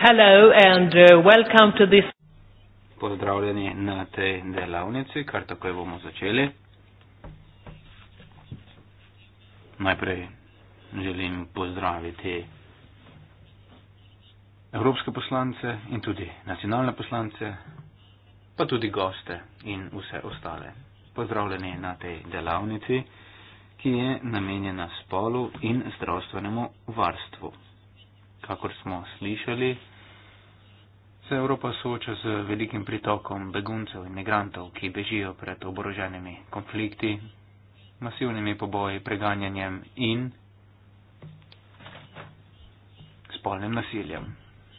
Uh, Pozdravljeni na tej delavnici, kar takoj bomo začeli. Najprej želim pozdraviti evropske poslance in tudi nacionalne poslance, pa tudi goste in vse ostale. Pozdravljeni na tej delavnici, ki je namenjena spolu in zdravstvenemu varstvu kakor smo slišali, se Evropa sooča z velikim pritokom beguncev in migrantov, ki bežijo pred oboroženimi konflikti, masivnimi poboji, preganjanjem in spolnim nasiljem.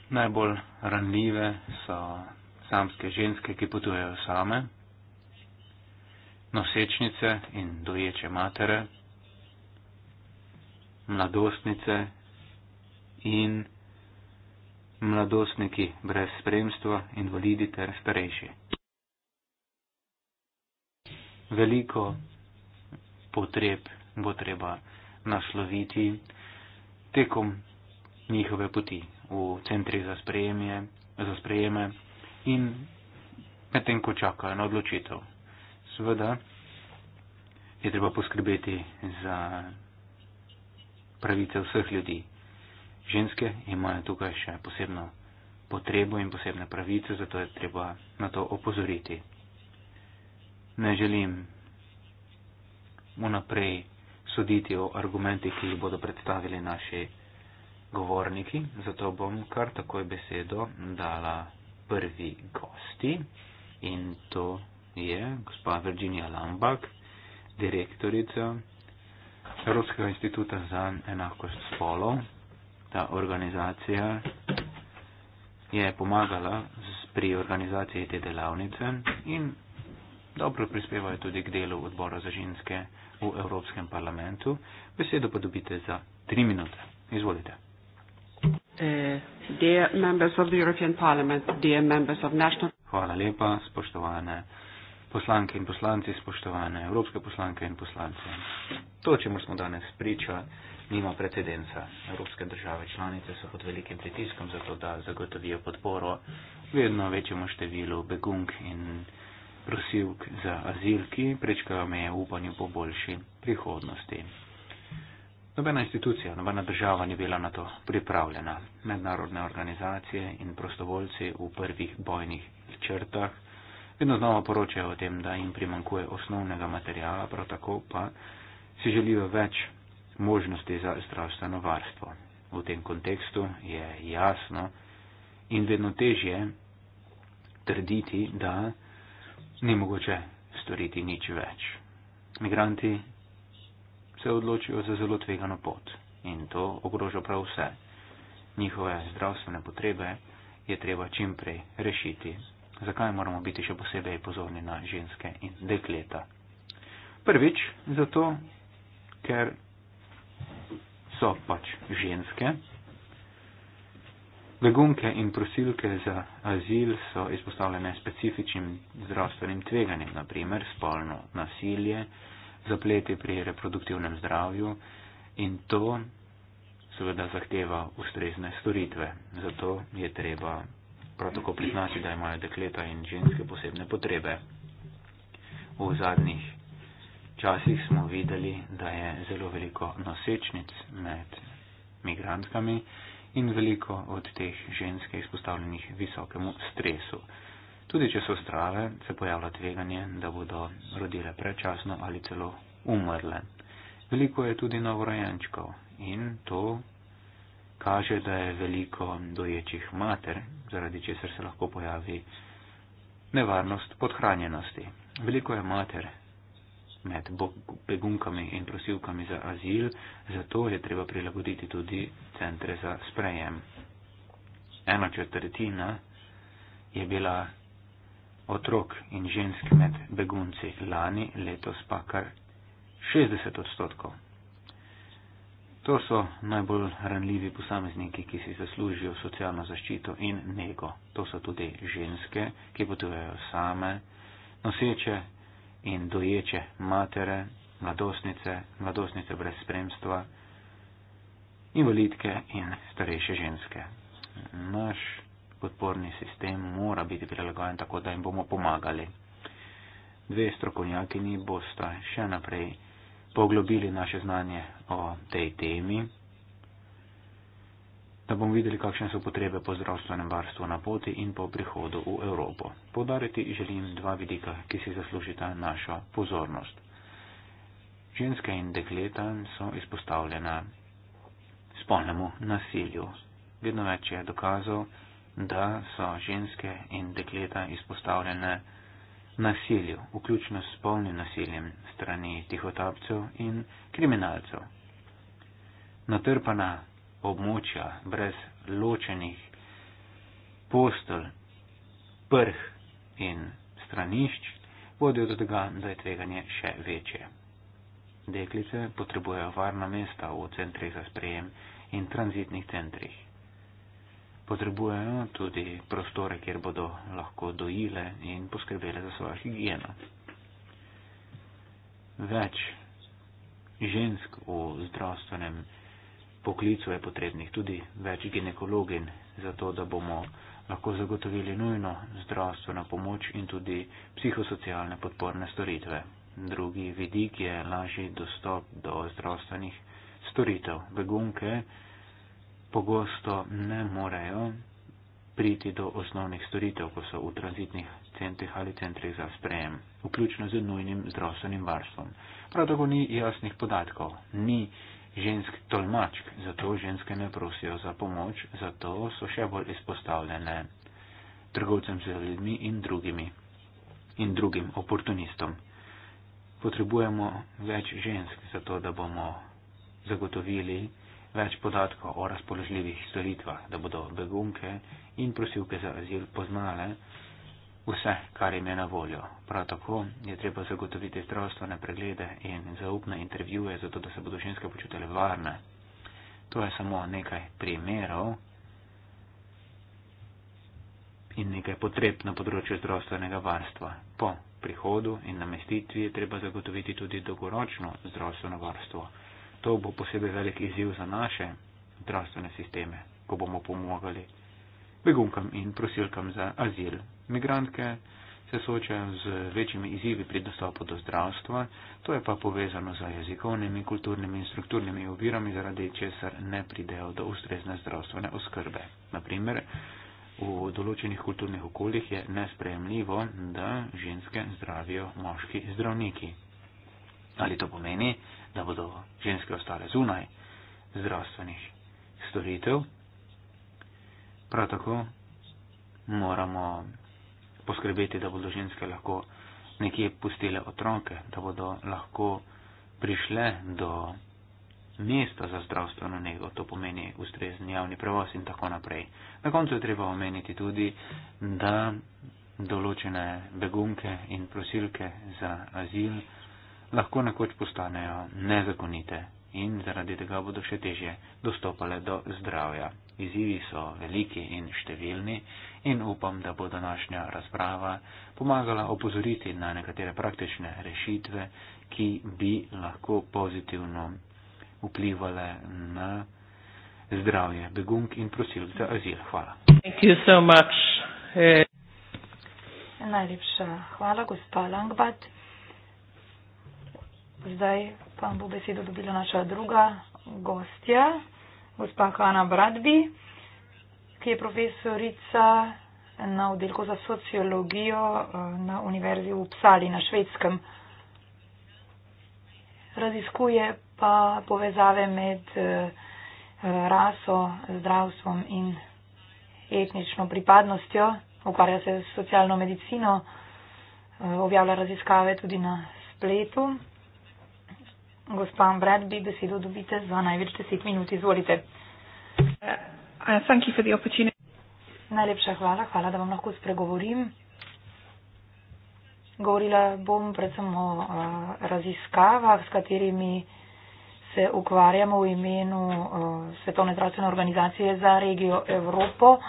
Najbolj ranljive so samske ženske, ki potujejo same, nosečnice in doječe matere, mladostnice in mladostniki brez spremstva, invalidi ter starejši. Veliko potreb bo treba nasloviti tekom njihove poti v centri za sprejemje, za sprejeme in medtem, ko čakajo na odločitev. Seveda je treba poskrbeti za pravice vseh ljudi ženske imajo tukaj še posebno potrebo in posebne pravice, zato je treba na to opozoriti. Ne želim vnaprej soditi o argumentih, ki jih bodo predstavili naši govorniki, zato bom kar takoj besedo dala prvi gosti in to je gospa Virginia Lambak, direktorica Evropskega instituta za enakost spolov, ta organizacija je pomagala pri organizaciji te delavnice in dobro prispevajo tudi k delu odbora za ženske v Evropskem parlamentu. Besedo pa dobite za tri minute. Izvolite. Eh, Hvala lepa, spoštovane poslanke in poslanci, spoštovane evropske poslanke in poslance. To, čemu smo danes priča, nima precedenca. Evropske države članice so pod velikim pritiskom za to, da zagotovijo podporo vedno večjemu številu begunk in prosilk za azil, ki prečkajo meje v upanju po boljši prihodnosti. Nobena institucija, nobena država ni bila na to pripravljena. Mednarodne organizacije in prostovoljci v prvih bojnih črtah vedno znova poročajo o tem, da jim primankuje osnovnega materijala, prav tako pa si želijo več možnosti za zdravstveno varstvo. V tem kontekstu je jasno in vedno težje trditi, da ni mogoče storiti nič več. Migranti se odločijo za zelo tvegano pot in to ogroža prav vse. Njihove zdravstvene potrebe je treba čimprej rešiti. Zakaj moramo biti še posebej pozorni na ženske in dekleta? Prvič, zato, ker so pač ženske. Begunke in prosilke za azil so izpostavljene specifičnim zdravstvenim tveganjem, naprimer spolno nasilje, zapleti pri reproduktivnem zdravju in to seveda zahteva ustrezne storitve. Zato je treba prav tako priznati, da imajo dekleta in ženske posebne potrebe. V zadnjih časih smo videli, da je zelo veliko nosečnic med migrantkami in veliko od teh ženske izpostavljenih visokemu stresu. Tudi če so zdrave, se pojavlja tveganje, da bodo rodile prečasno ali celo umrle. Veliko je tudi novorojenčkov in to kaže, da je veliko doječih mater, zaradi česar se lahko pojavi nevarnost podhranjenosti. Veliko je mater, med begunkami in prosilkami za azil, zato je treba prilagoditi tudi centre za sprejem. Ena četrtina je bila otrok in žensk med begunci lani, letos pa kar 60 odstotkov. To so najbolj ranljivi posamezniki, ki si zaslužijo socialno zaščito in nego. To so tudi ženske, ki potujejo same, noseče in doječe matere, mladostnice, mladostnice brez spremstva, invalidke in starejše ženske. Naš podporni sistem mora biti prilagojen tako, da jim bomo pomagali. Dve strokovnjakini bosta še naprej poglobili naše znanje o tej temi da bomo videli, kakšne so potrebe po zdravstvenem varstvu na poti in po prihodu v Evropo. Podariti želim dva vidika, ki si zaslužita našo pozornost. Ženske in dekleta so izpostavljena spolnemu nasilju. Vedno več je dokazov, da so ženske in dekleta izpostavljene nasilju, vključno s spolnim nasiljem strani tihotapcev in kriminalcev. Natrpana območja, brez ločenih postelj, prh in stranišč, vodijo do tega, da je tveganje še večje. Deklice potrebujejo varna mesta v centrih za sprejem in tranzitnih centrih. Potrebujejo tudi prostore, kjer bodo lahko dojile in poskrbele za svojo higieno. Več žensk v zdravstvenem sistemu poklicov je potrebnih, tudi več ginekologin, zato da bomo lahko zagotovili nujno zdravstveno pomoč in tudi psihosocialne podporne storitve. Drugi vidik je lažji dostop do zdravstvenih storitev. Begunke pogosto ne morejo priti do osnovnih storitev, ko so v tranzitnih centrih ali centrih za sprejem, vključno z nujnim zdravstvenim varstvom. Prav tako ni jasnih podatkov, ni žensk tolmačk, zato ženske ne prosijo za pomoč, zato so še bolj izpostavljene trgovcem z ljudmi in drugimi in drugim oportunistom. Potrebujemo več žensk, zato da bomo zagotovili več podatkov o razpoložljivih storitvah, da bodo begunke in prosilke za azil poznale, vse, kar ime na voljo. Prav tako je treba zagotoviti zdravstvene preglede in zaupne intervjuje, zato da se bodo ženske počutile varne. To je samo nekaj primerov in nekaj potreb na področju zdravstvenega varstva. Po prihodu in namestitvi je treba zagotoviti tudi dolgoročno zdravstveno varstvo. To bo posebej velik izziv za naše zdravstvene sisteme, ko bomo pomagali Begunkam in prosilkam za azil. Migrantke se soočajo z večjimi izzivi pri dostopu do zdravstva, to je pa povezano z jezikovnimi, kulturnimi in strukturnimi ovirami, zaradi česar ne pridejo do ustrezne zdravstvene oskrbe. Naprimer, v določenih kulturnih okoljih je nesprejemljivo, da ženske zdravijo moški zdravniki. Ali to pomeni, da bodo ženske ostale zunaj zdravstvenih storitev? Prav tako moramo poskrbeti, da bodo ženske lahko nekje pustile otroke, da bodo lahko prišle do mesta za zdravstveno nego, to pomeni ustrezen javni prevoz in tako naprej. Na koncu je treba omeniti tudi, da določene begunke in prosilke za azil lahko nekoč postanejo nezakonite in zaradi tega bodo še teže dostopale do zdravja. Izivi so veliki in številni in upam, da bo današnja razprava pomagala opozoriti na nekatere praktične rešitve, ki bi lahko pozitivno vplivale na zdravje begunk in prosilk za azil. Hvala. So eh. Najlepša hvala, gospa Langbad. Zdaj pa bo besedo dobila naša druga gostja, gospa Hanna Bradbi, ki je profesorica na oddelku za sociologijo eh, na Univerzi v Psali na Švedskem. Raziskuje pa povezave med eh, raso, zdravstvom in etnično pripadnostjo, ukvarja se s socialno medicino, eh, objavlja raziskave tudi na spletu. Gospa Ambrad, bi besedo dobite za največ 10 minut. Izvolite. Uh, uh, thank you for the opportunity. Najlepša hvala, hvala, da vam lahko spregovorim. Govorila bom predvsem o uh, raziskavah, s katerimi se ukvarjamo v imenu Svetovne zdravstvene organizacije za regijo Evropo.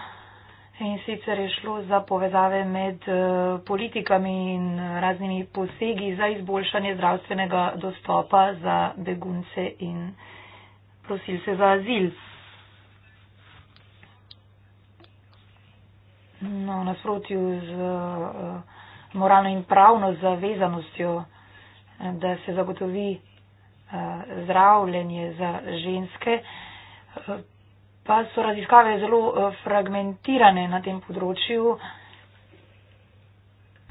In sicer je šlo za povezave med eh, politikami in raznimi posegi za izboljšanje zdravstvenega dostopa za begunce in prosilce za azil. No, nasprotju z eh, moralno in pravno zavezanostjo, eh, da se zagotovi zdravljenje za ženske, pa so raziskave zelo eh, fragmentirane na tem področju.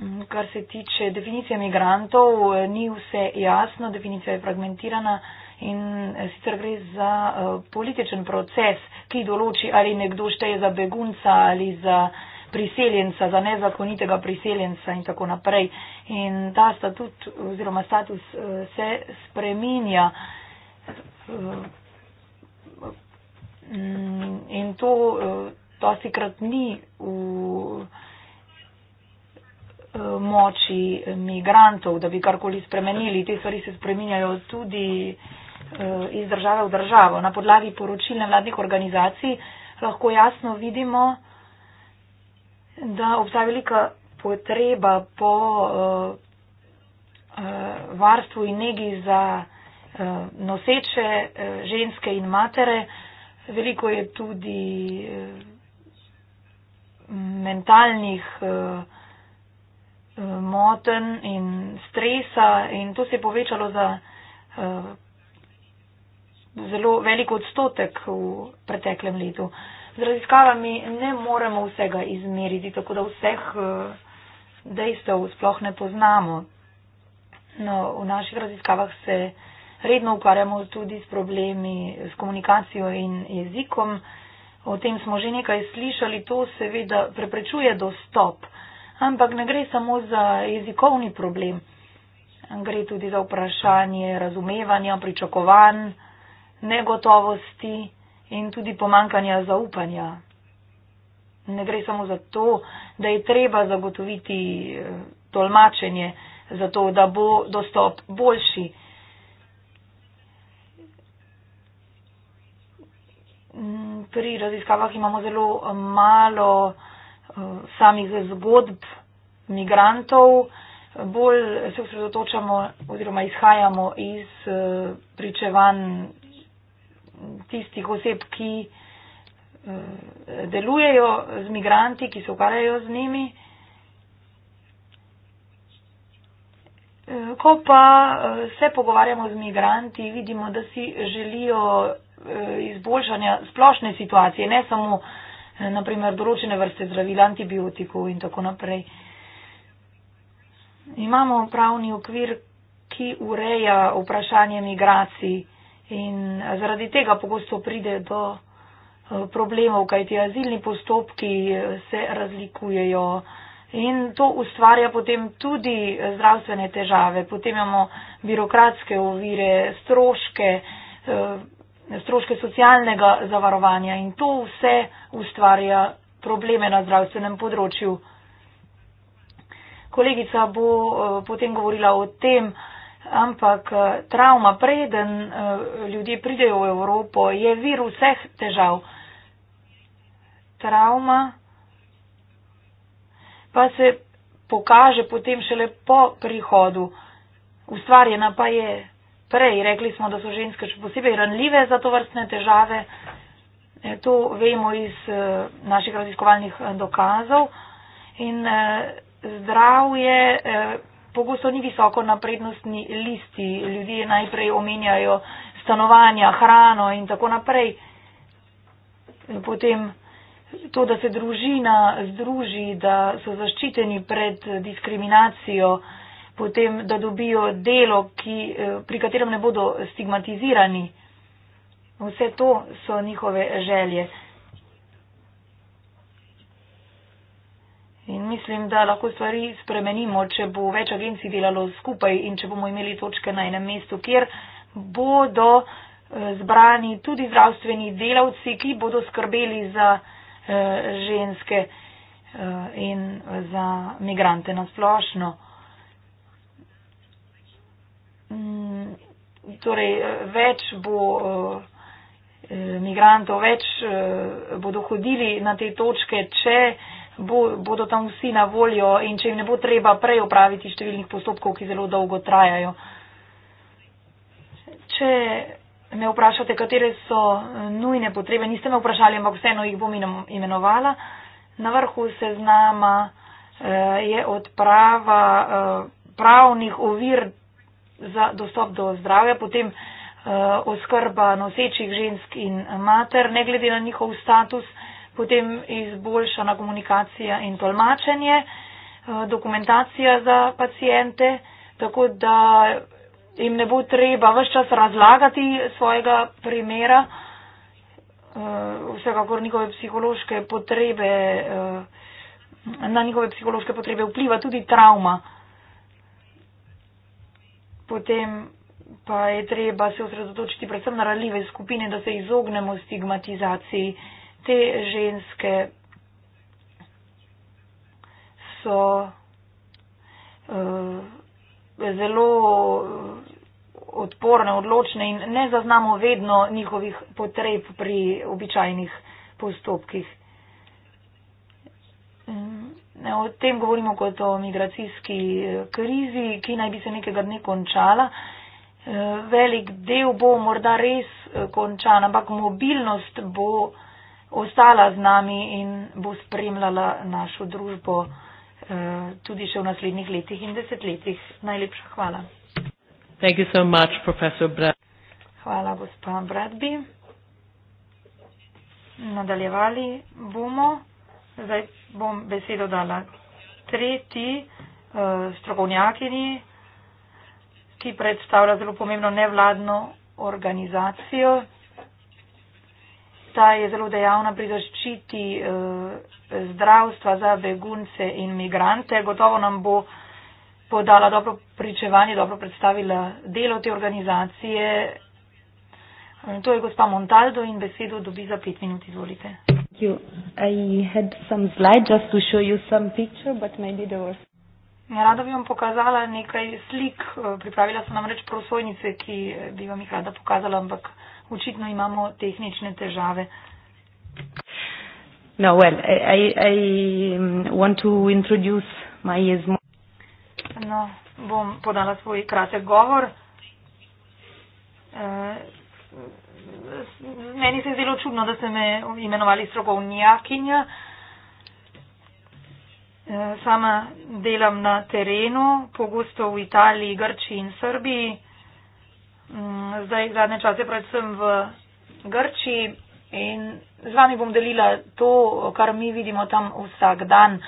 Mm, kar se tiče definicije migrantov, eh, ni vse jasno, definicija je fragmentirana in eh, sicer gre za političen proces, ki določi, ali nekdo šteje za begunca ali za priseljenca, za nezakonitega priseljenca in tako naprej. In ta statut oziroma status se spreminja Mm, in to eh, dosti krat ni v eh, moči migrantov, da bi karkoli spremenili. Te stvari se spreminjajo tudi eh, iz države v državo. Na podlagi poročil nevladnih organizacij lahko jasno vidimo, da obstaja velika potreba po varstvu in negi za noseče ženske in matere. Veliko je tudi eh, mentalnih eh, eh, moten in stresa in to se je povečalo za zelo velik odstotek v preteklem letu. Z raziskavami ne moremo vsega izmeriti, tako da vseh dejstev sploh ne poznamo. No, v naših raziskavah se redno ukvarjamo tudi s problemi s komunikacijo in jezikom. O tem smo že nekaj slišali, to seveda preprečuje dostop, ampak ne gre samo za jezikovni problem. Gre tudi za vprašanje razumevanja, pričakovanj, negotovosti in tudi pomankanja zaupanja. Ne gre samo za to, da je treba zagotoviti eh, tolmačenje, zato da bo dostop boljši. Mm, pri raziskavah imamo zelo eh, malo eh, samih zgodb migrantov, bolj se osredotočamo oziroma izhajamo iz eh, pričevanj tistih oseb, ki delujejo z migranti, ki se ukvarjajo z njimi. Ko pa se pogovarjamo z migranti, vidimo, da si želijo Eh, izboljšanja splošne situacije, ne samo eh, naprimer določene vrste zdravil, antibiotikov in tako naprej. Imamo pravni okvir, ki ureja vprašanje migracij in zaradi tega pogosto pride do eh, problemov, kajti azilni postopki se razlikujejo in to ustvarja potem tudi zdravstvene težave. Potem imamo birokratske ovire, stroške, stroške socialnega zavarovanja in to vse ustvarja probleme na zdravstvenem področju. Kolegica bo eh, potem govorila o tem, ampak eh, travma preden eh, ljudje pridejo v Evropo je vir vseh težav. Travma pa se pokaže potem šele po prihodu. Ustvarjena pa je prej. Rekli smo, da so ženske še posebej ranljive za to vrstne težave. E, to vemo iz e, naših raziskovalnih e, dokazov. In zdravje pogosto ni visoko na prednostni listi. Ljudje najprej omenjajo stanovanja, hrano in tako naprej. Potem to, da se družina združi, da so zaščiteni pred diskriminacijo potem, da dobijo delo, ki, eh, pri katerem ne bodo stigmatizirani. Vse to so njihove želje. In mislim, da lahko stvari spremenimo, če bo več agencij delalo skupaj in če bomo imeli točke na enem mestu, kjer bodo eh, zbrani tudi zdravstveni delavci, ki bodo skrbeli za eh, ženske in za migrante na splošno. Mm, torej več bo eh, migrantov, več eh, bodo hodili na te točke, če bodo tam vsi na voljo in če jim ne bo treba prej opraviti številnih postopkov, ki zelo dolgo trajajo. Če me vprašate, katere so nujne potrebe, niste me vprašali, ampak vseeno jih bom imenovala. Na vrhu seznama eh, je odprava pravnih ovir za dostop do zdravja, potem uh, oskrba nosečih žensk in mater, ne glede na njihov status, potem izboljšana komunikacija in tolmačenje, uh, dokumentacija za pacijente, tako da jim ne bo treba vse čas razlagati svojega primera, uh, vsekakor njihove psihološke potrebe. Uh, Na njihove psihološke potrebe vpliva tudi travma, uh, potem pa je treba se osredotočiti predvsem na ranljive skupine, da se izognemo stigmatizaciji. Te ženske so uh, zelo odporne, odločne in ne zaznamo vedno njihovih potreb pri običajnih postopkih. Ne, o tem govorimo kot o migracijski eh, krizi, ki naj bi se nekega dne končala. Eh, velik del bo morda res eh, končan, ampak mobilnost bo ostala z nami in bo spremljala našo družbo tudi še v naslednjih letih in desetletjih. Najlepša hvala. So much, hvala, gospod Bradby. Nadaljevali bomo. Zdaj bom besedo dala tretji eh, strokovnjakini, ki predstavlja zelo pomembno nevladno organizacijo. Ta je zelo dejavna pri zaščiti eh, zdravstva za begunce in migrante. Gotovo nam bo podala dobro pričevanje, dobro predstavila delo te organizacije. To je gospa Montaldo in besedo dobi za pet minut. Izvolite you. I had some slides just to show you some picture, but maybe there was. Ja, rada bi vam pokazala nekaj slik, pripravila sem namreč prosojnice, ki eh, bi vam jih rada pokazala, ampak očitno imamo tehnične težave. No, well, I, I, I um, want to introduce my ismo. No, bom podala svoj kratek govor. Uh, meni se je zelo čudno, da ste me imenovali strokovnjakinja. E, sama delam na terenu, pogosto v Italiji, Grči in Srbiji. Mm, zdaj zadnje čase predvsem v Grči in z vami bom delila to, kar mi vidimo tam vsak dan. E,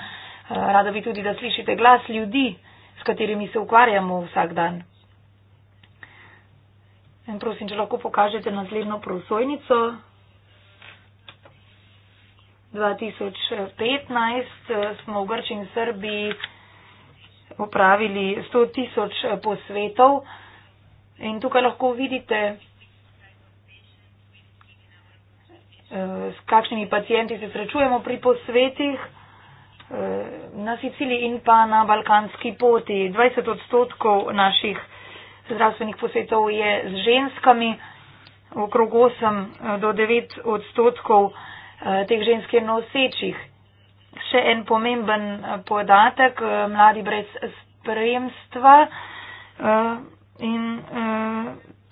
rada bi tudi, da slišite glas ljudi, s katerimi se ukvarjamo vsak dan. In prosim, če lahko pokažete naslednjo prosojnico. 2015 eh, smo v Grči in Srbiji opravili 100 tisoč eh, posvetov in tukaj lahko vidite, eh, s kakšnimi pacijenti se srečujemo pri posvetih na Siciliji in pa na Balkanski poti. 20 odstotkov naših zdravstvenih posvetov je z ženskami, okrog 8 eh, do 9 odstotkov eh, teh žensk je nosečih. Še en pomemben eh, podatek, mladi brez spremstva in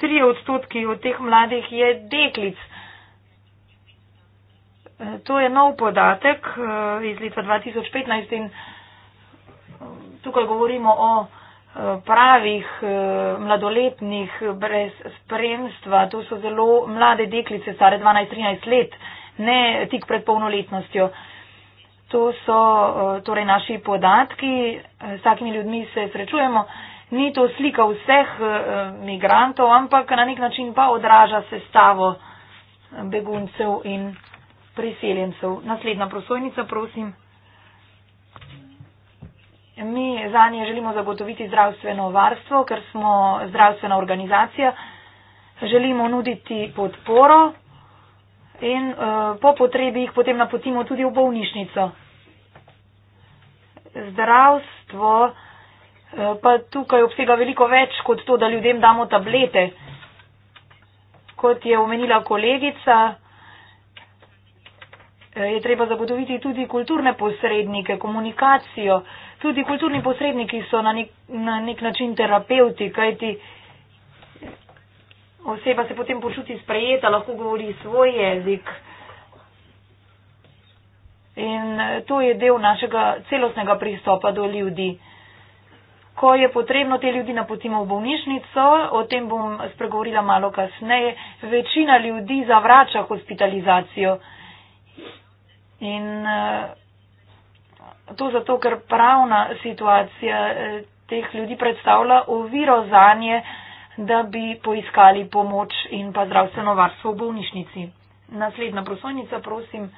3 odstotki od teh mladih je deklic. To je nov podatek iz leta 2015 in tukaj govorimo o pravih eh, mladoletnih brez spremstva. To so zelo mlade deklice, stare 12-13 let, ne tik pred polnoletnostjo. To so eh, torej naši podatki, eh, s takimi ljudmi se srečujemo. Ni to slika vseh migrantov, ampak na nek način pa odraža sestavo beguncev in priseljencev. Naslednja prosojnica, prosim. Mi za nje želimo zagotoviti zdravstveno varstvo, ker smo zdravstvena organizacija. Želimo nuditi podporo in eh, po potrebi jih potem napotimo tudi v bolnišnico. Zdravstvo eh, pa tukaj obsega veliko več kot to, da ljudem damo tablete. Kot je omenila kolegica, eh, je treba zagotoviti tudi kulturne posrednike, komunikacijo tudi kulturni posredniki so na nek, na nek način terapeuti, kajti oseba se potem počuti sprejeta, lahko govori svoj jezik. In eh, to je del našega celostnega pristopa do ljudi. Ko je potrebno, te ljudi napotimo v bolnišnico, o tem bom spregovorila malo kasneje. Večina ljudi zavrača hospitalizacijo. In uh, To zato, ker pravna situacija eh, teh ljudi predstavlja oviro za nje, da bi poiskali pomoč in pa zdravstveno varstvo v bolnišnici. Naslednja prosojnica, prosim.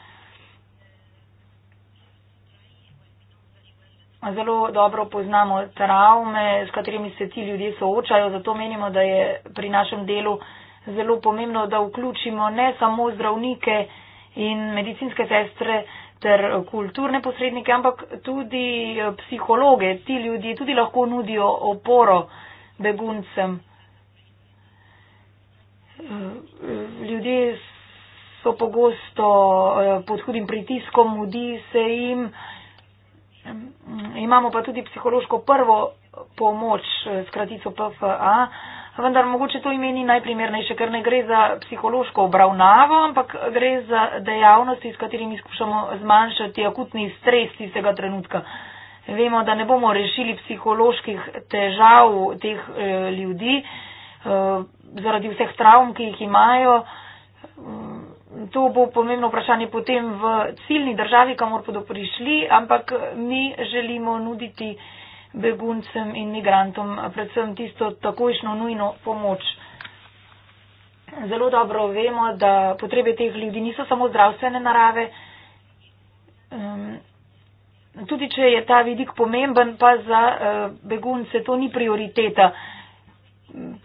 Zelo dobro poznamo travme, s katerimi se ti ljudje soočajo, zato menimo, da je pri našem delu zelo pomembno, da vključimo ne samo zdravnike in medicinske sestre, ter kulturne posrednike, ampak tudi eh, psihologe. Ti ljudje tudi lahko nudijo oporo beguncem. Eh, ljudje so pogosto eh, pod hudim pritiskom, mudi se jim. Imamo pa tudi psihološko prvo pomoč s kratico PFA vendar mogoče to ime ni najprimernejše, ker ne gre za psihološko obravnavo, ampak gre za dejavnosti, s katerimi skušamo zmanjšati akutni stres tistega trenutka. Vemo, da ne bomo rešili psiholoških težav teh eh, ljudi eh, zaradi vseh travm, ki jih imajo. Mm, to bo pomembno vprašanje potem v ciljni državi, kamor bodo prišli, ampak mi želimo nuditi beguncem in migrantom, predvsem tisto takojšno nujno pomoč. Zelo dobro vemo, da potrebe teh ljudi niso samo zdravstvene narave. Tudi, če je ta vidik pomemben, pa za e, begunce to ni prioriteta.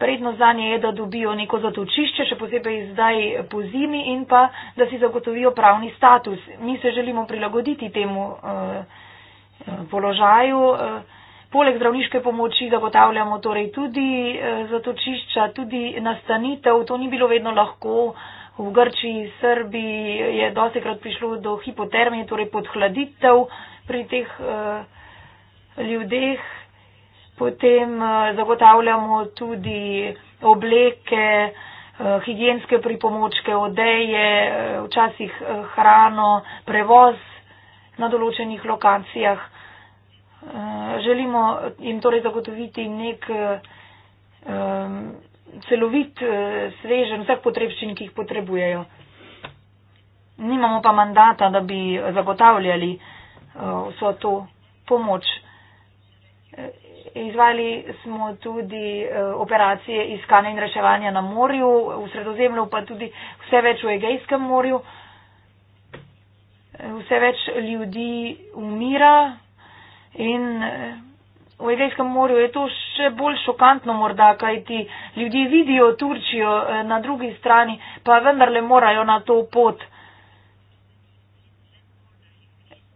Predno zanje je, da dobijo neko zatočišče, še posebej zdaj po zimi in pa, da si zagotovijo pravni status. Mi se želimo prilagoditi temu eh, položaju. Eh, Poleg zdravniške pomoči zagotavljamo torej tudi eh, zatočišča, tudi nastanitev. To ni bilo vedno lahko. V Grčiji, Srbiji je dostikrat prišlo do hipotermije, torej podhladitev pri teh eh, ljudeh. Potem eh, zagotavljamo tudi obleke, higijenske pripomočke, odeje, včasih hrano, prevoz na določenih lokacijah želimo jim torej zagotoviti nek um, celovit, uh, svežen vseh potrebščin, ki jih potrebujejo. Nimamo pa mandata, da bi zagotavljali uh, vso to pomoč. Uh, Izvali smo tudi uh, operacije iskanja in reševanja na morju, v sredozemlju pa tudi vse več v Egejskem morju. Vse več ljudi umira, In eh, v Egejskem morju je to še bolj šokantno morda, kaj ti ljudje vidijo Turčijo eh, na drugi strani, pa vendarle morajo na to pot.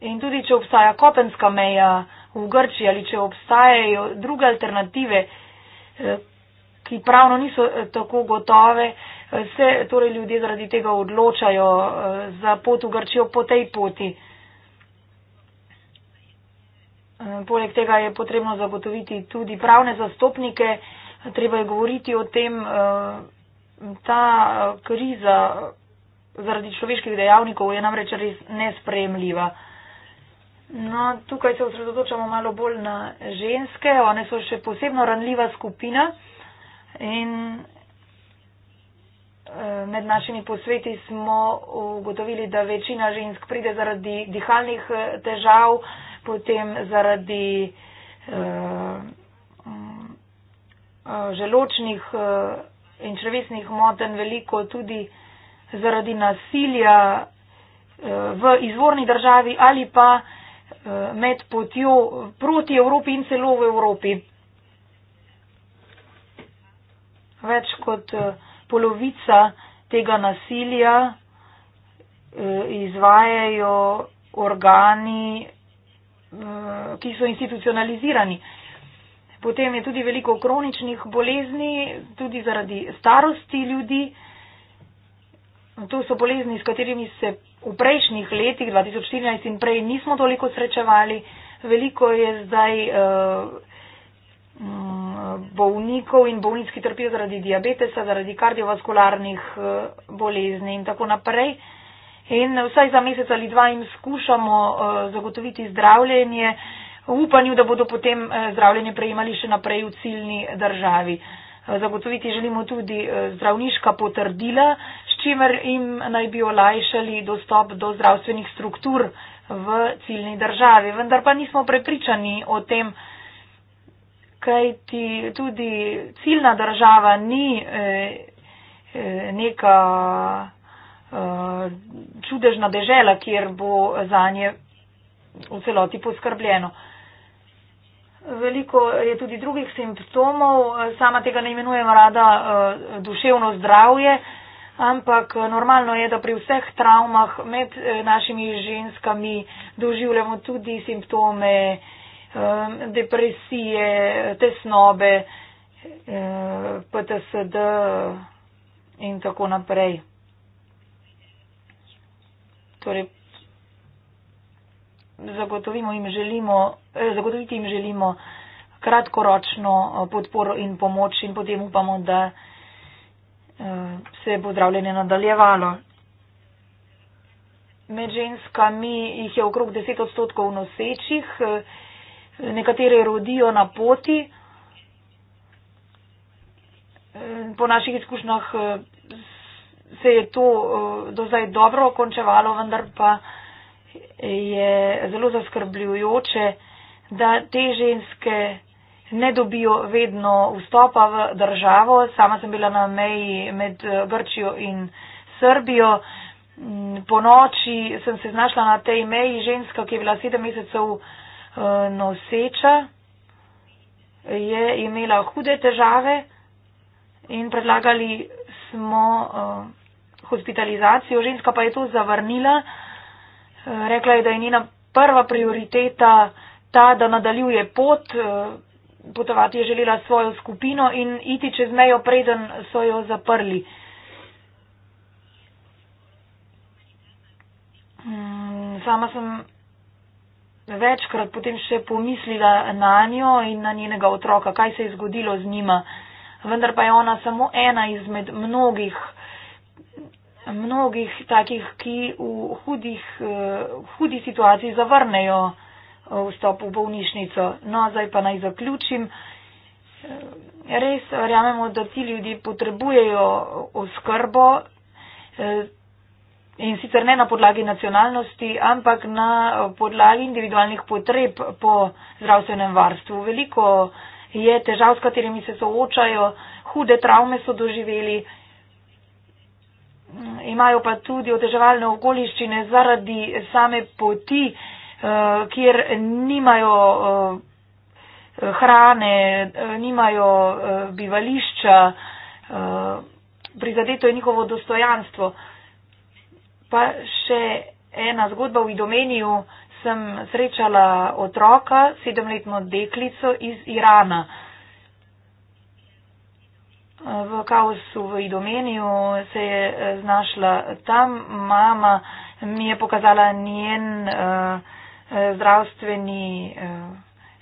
In tudi, če obstaja kopenska meja v Grčiji ali če obstajajo druge alternative, eh, ki pravno niso tako gotove, se torej ljudje zaradi tega odločajo za pot v Grčijo po tej poti. Eh, poleg tega je potrebno zagotoviti tudi pravne zastopnike, treba je govoriti o tem, eh, ta eh, kriza zaradi človeških dejavnikov je namreč res nespremljiva. No, tukaj se osredotočamo malo bolj na ženske, one so še posebno ranljiva skupina in med našimi posveti smo ugotovili, da večina žensk pride zaradi dihalnih težav, potem zaradi eh, eh, želočnih eh, in črvesnih moten veliko tudi zaradi nasilja v izvorni državi ali pa med potjo proti Evropi in celo v Evropi. Več kot polovica tega nasilja izvajajo organi Eh, ki so institucionalizirani. Potem je tudi veliko kroničnih bolezni, tudi zaradi starosti ljudi. To so bolezni, s katerimi se v prejšnjih letih, 2014 in prej, nismo toliko srečevali. Veliko je zdaj eh, mm, bolnikov in bolnic, ki trpijo zaradi diabetesa, zaradi kardiovaskularnih eh, bolezni in tako naprej in vsaj za mesec ali dva jim skušamo eh, zagotoviti zdravljenje v upanju, da bodo potem eh, zdravljenje prejemali še naprej v ciljni državi. Eh, zagotoviti želimo tudi zdravniška potrdila, s čimer jim naj bi olajšali dostop do zdravstvenih struktur v ciljni državi. Vendar pa nismo prepričani o tem, kaj ti tudi ciljna država ni neka Eh, čudežna dežela, kjer bo za nje v celoti poskrbljeno. Veliko je tudi drugih simptomov, sama tega ne imenujem rada eh, duševno zdravje, ampak eh, normalno je, da pri vseh travmah med našimi ženskami doživljamo tudi simptome depresije, tesnobe, PTSD in tako naprej torej zagotovimo jim želimo, eh, zagotoviti jim želimo kratkoročno eh, podporo in pomoč in potem upamo, da eh, se bo zdravljenje nadaljevalo. Med ženskami jih je okrog 10 odstotkov nosečih, eh, nekatere rodijo na poti. Eh, po naših izkušnjah se je to eh, do zdaj dobro okončevalo, vendar pa je zelo zaskrbljujoče, da te ženske ne dobijo vedno vstopa v državo. Sama sem bila na meji med eh, Grčijo in Srbijo. Mm, po noči sem se znašla na tej meji ženska, ki je bila sedem mesecev eh, noseča, je imela hude težave in predlagali smo. Uh, hospitalizacijo, ženska pa je to zavrnila. Eh, rekla je, da je njena prva prioriteta ta, da nadaljuje pot, eh, potovati je želela svojo skupino in iti čez mejo, preden so jo zaprli. Mm, sama sem večkrat potem še pomislila na njo in na njenega otroka, kaj se je zgodilo z njima. Vendar pa je ona samo ena izmed mnogih mnogih takih, ki v hudih, eh, hudi situaciji zavrnejo eh, vstop v bolnišnico. No, zdaj pa naj zaključim. Eh, res verjamemo, da ti ljudje potrebujejo oskrbo in sicer ne na podlagi nacionalnosti, ampak na podlagi individualnih potreb po zdravstvenem varstvu. Veliko je težav, s katerimi se soočajo, hude travme so doživeli imajo pa tudi oteževalne okoliščine zaradi same poti, eh, kjer nimajo eh, hrane, eh, nimajo bivališča, prizadeto je njihovo dostojanstvo. Pa še ena zgodba v Idomeniju, sem srečala otroka, sedemletno deklico iz Irana v kaosu v Idomeniju, se je eh, znašla tam, mama mi je pokazala njen uh, zdravstveni uh,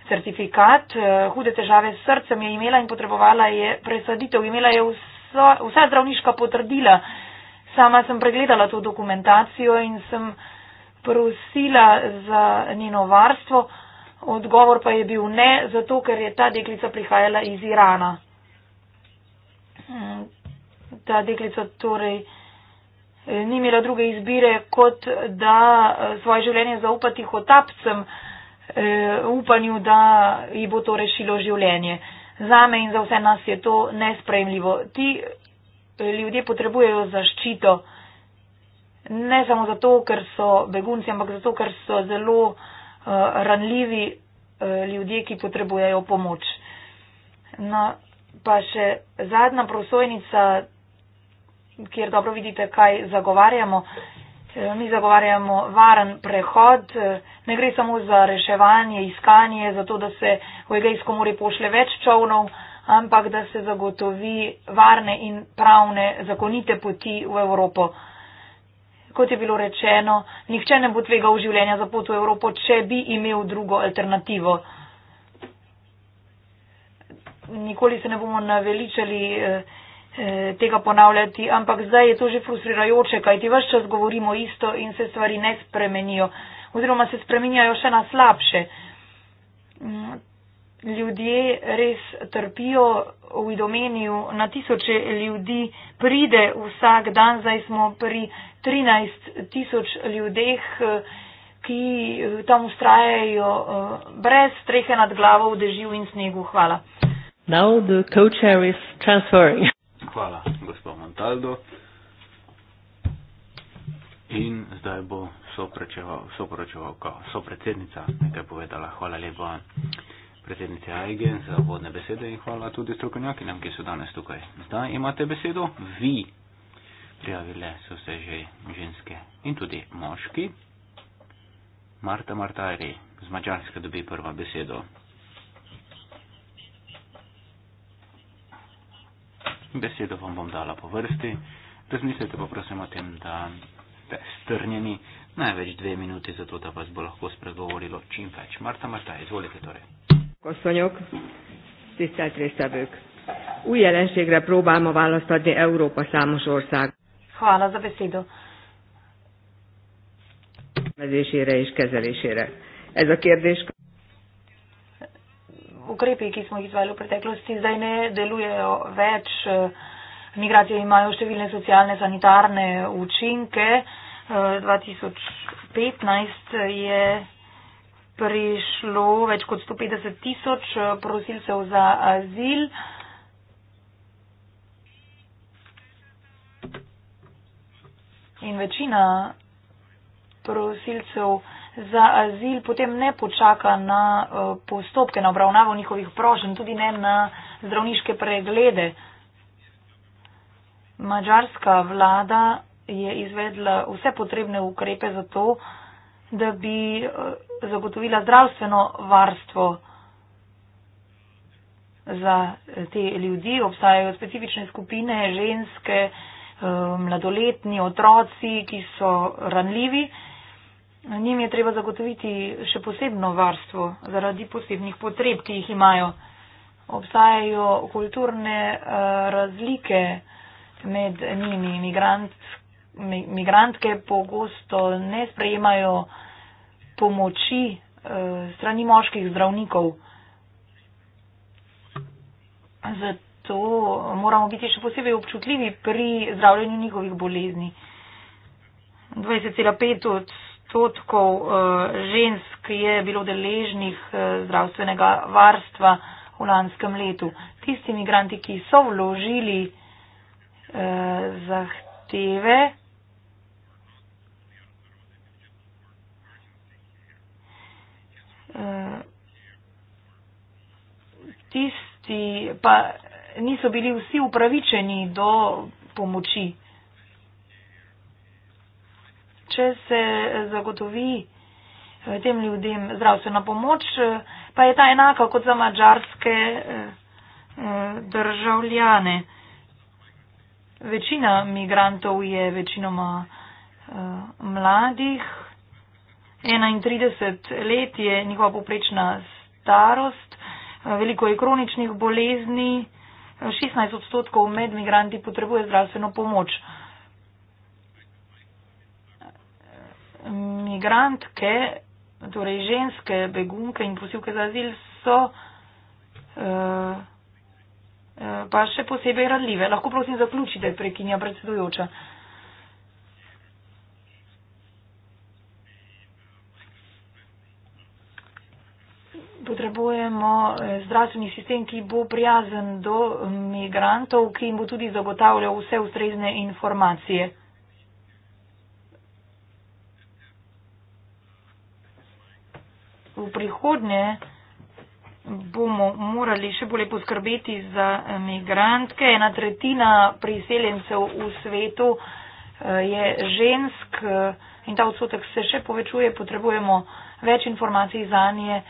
certifikat, uh, hude težave s srcem je imela in potrebovala je presaditev, imela je vso, vsa zdravniška potrdila. Sama sem pregledala to dokumentacijo in sem prosila za njeno varstvo. Odgovor pa je bil ne, zato ker je ta deklica prihajala iz Irana. Eh, ta deklica torej eh, ni imela druge izbire, kot da eh, svoje življenje zaupati hotapcem, upanju, da ji bo to rešilo življenje. Zame in za vse nas je to nespremljivo. Ti ljudje potrebujejo zaščito. Ne samo zato, ker so begunci, ampak zato, ker so zelo uh, ranljivi uh, ljudje, ki potrebujejo pomoč. No, pa še zadnja prosojnica, kjer dobro vidite, kaj zagovarjamo. E, mi zagovarjamo varen prehod, e, ne gre samo za reševanje, iskanje, za to, da se v Egejsko more pošle več čovnov, ampak da se zagotovi varne in pravne, zakonite poti v Evropo. Kot je bilo rečeno, nihče ne bo tvegal življenja za pot v Evropo, če bi imel drugo alternativo nikoli se ne bomo naveličali eh, eh, tega ponavljati, ampak zdaj je to že frustrirajoče, kajti vaš čas govorimo isto in se stvari ne spremenijo oziroma se spremenjajo še na slabše. Mm, ljudje res trpijo v idomeniju, na tisoče ljudi pride vsak dan, zdaj smo pri 13 tisoč ljudeh, eh, ki tam ustrajajo brez strehe nad glavo v dežju in snegu. Hvala. Now the co-chair is transferring. Hvala, gospod Montaldo. In zdaj bo soporočevalka, sopredsednica nekaj povedala. Hvala lepa predsednici AIG za vodne besede in hvala tudi strokovnjakinjam, ki so danes tukaj. Zdaj imate besedo vi. Prijavile so se že ženske in tudi moški. Marta Martari z Mačarske dobi prva besedo. besedo vam bom dala po vrsti. Razmislite pa prosim o tem, da ste strnjeni največ dve minuti, zato da vas bo lahko spregovorilo čim več. Marta, Marta, izvolite torej. Kosonjok, tisztelt résztvevők. Új jelenségre próbál ma választ adni Európa számos ország. Hála a beszédo. ...vezésére és kezelésére. Ez a kérdés ukrepi, ki smo jih izvali v preteklosti, zdaj ne delujejo več. Eh, migracije imajo številne socialne, sanitarne učinke. 2015 eh, je prišlo več kot 150 tisoč eh, prosilcev za azil. In večina prosilcev za azil potem ne počaka na eh, postopke, na obravnavo njihovih prošen, tudi ne na zdravniške preglede. Mačarska vlada je izvedla vse potrebne ukrepe za to, da bi eh, zagotovila zdravstveno varstvo za eh, te ljudi. Obstajajo specifične skupine, ženske, mladoletni, otroci, ki so ranljivi njim je treba zagotoviti še posebno varstvo zaradi posebnih potreb, ki jih imajo. Obstajajo kulturne eh, razlike med njimi. Migrant, migrantke pogosto ne sprejemajo pomoči eh, strani moških zdravnikov. Zato moramo biti še posebej občutljivi pri zdravljenju njihovih bolezni. 20,5 odstotkov odstotkov eh, žensk je bilo deležnih eh, zdravstvenega varstva v lanskem letu. Tisti imigranti, ki so vložili eh, zahteve, tisti pa niso bili vsi upravičeni do pomoči če se zagotovi eh, tem ljudem zdravstvena pomoč, eh, pa je ta enaka kot za mačarske eh, državljane. Večina migrantov je večinoma mladih. 31 let je njihova poprečna starost, veliko je kroničnih bolezni, 16 odstotkov med migranti potrebuje zdravstveno pomoč. migrantke, torej ženske begunke in posilke za azil so uh, pa še posebej radljive. Lahko prosim zaključite, prekinja predsedujoča. Potrebujemo eh, zdravstveni sistem, ki bo prijazen do migrantov, ki jim bo tudi zagotavljal vse ustrezne informacije. v prihodnje bomo morali še bolje poskrbeti za migrantke. Ena tretjina priseljencev v svetu eh, je žensk eh, in ta odsotek se še povečuje. Potrebujemo več informacij za nje eh,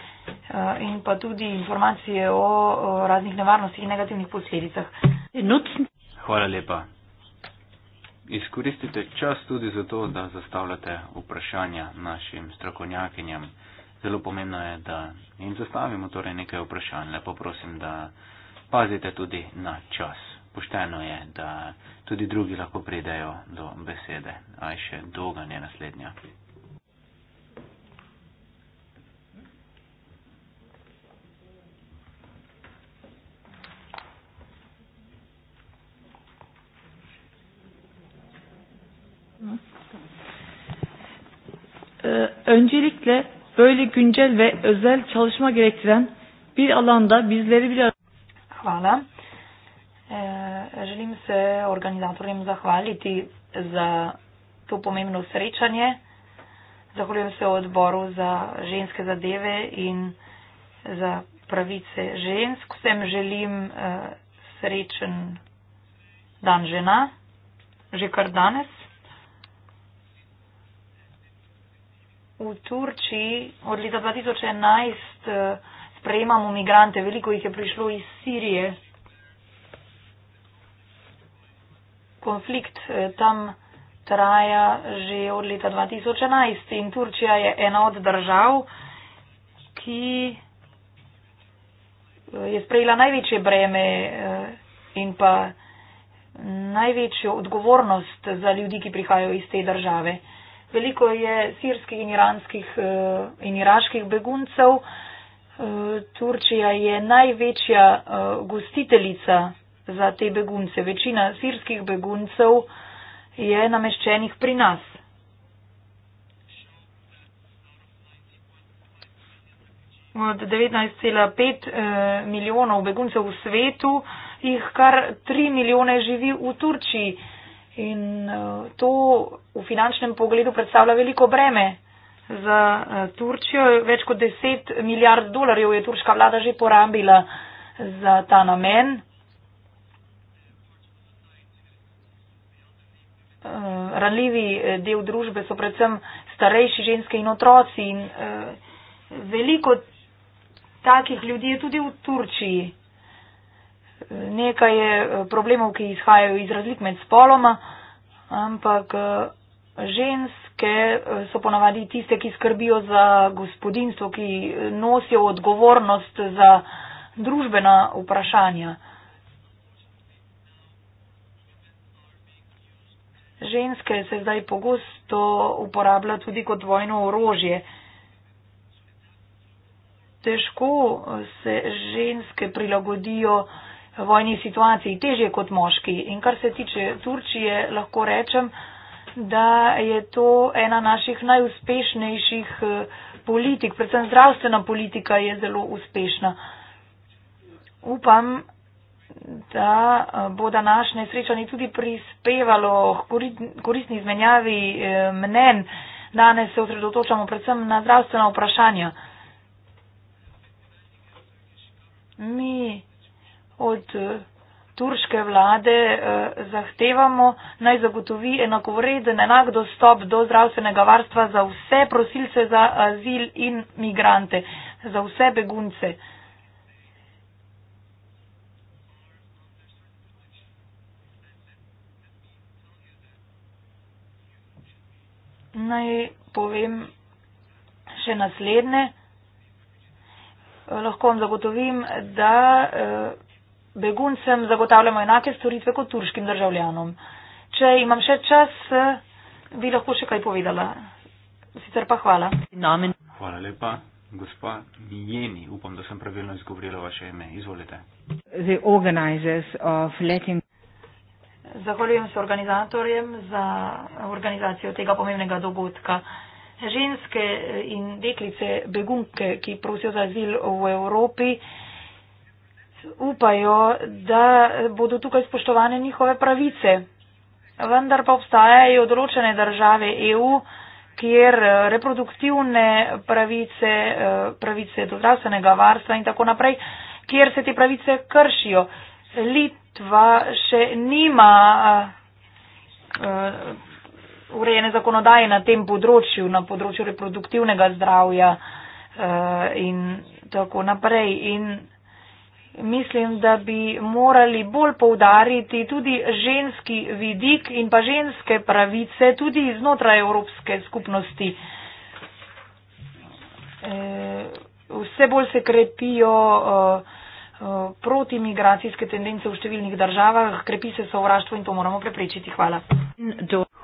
in pa tudi informacije o raznih nevarnostih in negativnih posledicah. Hvala lepa. Izkoristite čas tudi zato, da zastavljate vprašanja našim strokovnjakinjam zelo pomembno je, da jim zastavimo torej nekaj vprašanj. Lepo prosim, da pazite tudi na čas. Pošteno je, da tudi drugi lahko pridejo do besede, a je še dolga ne naslednja. Öncelikle böyle güncel ve özel çalışma gerektiren bir alanda bizleri bile Hvala. E, želim se organizatorjem zahvaliti za to pomembno srečanje. Zahvaljujem se odboru za ženske zadeve in za pravice žensk. Vsem želim e, srečen dan žena, že kar danes. V Turčiji od leta 2011 eh, sprejemamo migrante, veliko jih je prišlo iz Sirije. Konflikt eh, tam traja že od leta 2011 in Turčija je ena od držav, ki eh, je sprejela največje breme in pa največjo odgovornost za ljudi, ki prihajajo iz te države. Veliko je sirskih in iranskih eh, in iraških beguncev. Eh, Turčija je največja eh, gostiteljica za te begunce. Večina sirskih beguncev je nameščenih pri nas. Od 19,5 milijonov beguncev v svetu jih kar 3 milijone živi v Turčiji. In eh, to v finančnem pogledu predstavlja veliko breme za eh, Turčijo. Več kot 10 milijard dolarjev je turška vlada že porabila za ta namen. Eh, ranljivi del družbe so predvsem starejši ženske in otroci in veliko takih ljudi je tudi v Turčiji nekaj je eh, problemov, ki izhajajo iz razlik med spoloma, ampak eh, ženske eh, so ponavadi tiste, ki skrbijo za gospodinstvo, ki nosijo odgovornost za družbena vprašanja. Ženske se zdaj pogosto uporablja tudi kot vojno orožje. Težko se ženske prilagodijo vojni situaciji težje kot moški. In kar se tiče Turčije, lahko rečem, da je to ena naših najuspešnejših eh, politik, predvsem zdravstvena politika je zelo uspešna. Upam, da eh, bo današnje srečanje tudi prispevalo k koristni izmenjavi eh, mnen. Danes se osredotočamo predvsem na zdravstvena vprašanja. Mi od eh, turške vlade eh, zahtevamo naj zagotovi enakovreden enak dostop do zdravstvenega varstva za vse prosilce za azil in migrante, za vse begunce. Naj povem še naslednje. Lahko vam zagotovim, da eh, beguncem zagotavljamo enake storitve kot turškim državljanom. Če imam še čas, bi lahko še kaj povedala. Sicer pa hvala. Hvala lepa. Gospa Jeni, upam, da sem pravilno izgovorila vaše ime. Izvolite. Letting... Zahvaljujem se organizatorjem za organizacijo tega pomembnega dogodka. Ženske in deklice, begunke, ki prosijo za azil v Evropi, upajo, da bodo tukaj spoštovane njihove pravice. Vendar pa obstajajo določene države EU, kjer eh, reproduktivne pravice, eh, pravice do zdravstvenega varstva in tako naprej, kjer se te pravice kršijo. Litva še nima eh, urejene zakonodaje na tem področju, na področju reproduktivnega zdravja in tako naprej. In mislim, da bi morali bolj povdariti tudi ženski vidik in pa ženske pravice tudi znotraj Evropske skupnosti. E, vse bolj se krepijo e, e, protimigracijske tendence v številnih državah, krepi se sovraštvo in to moramo preprečiti. Hvala.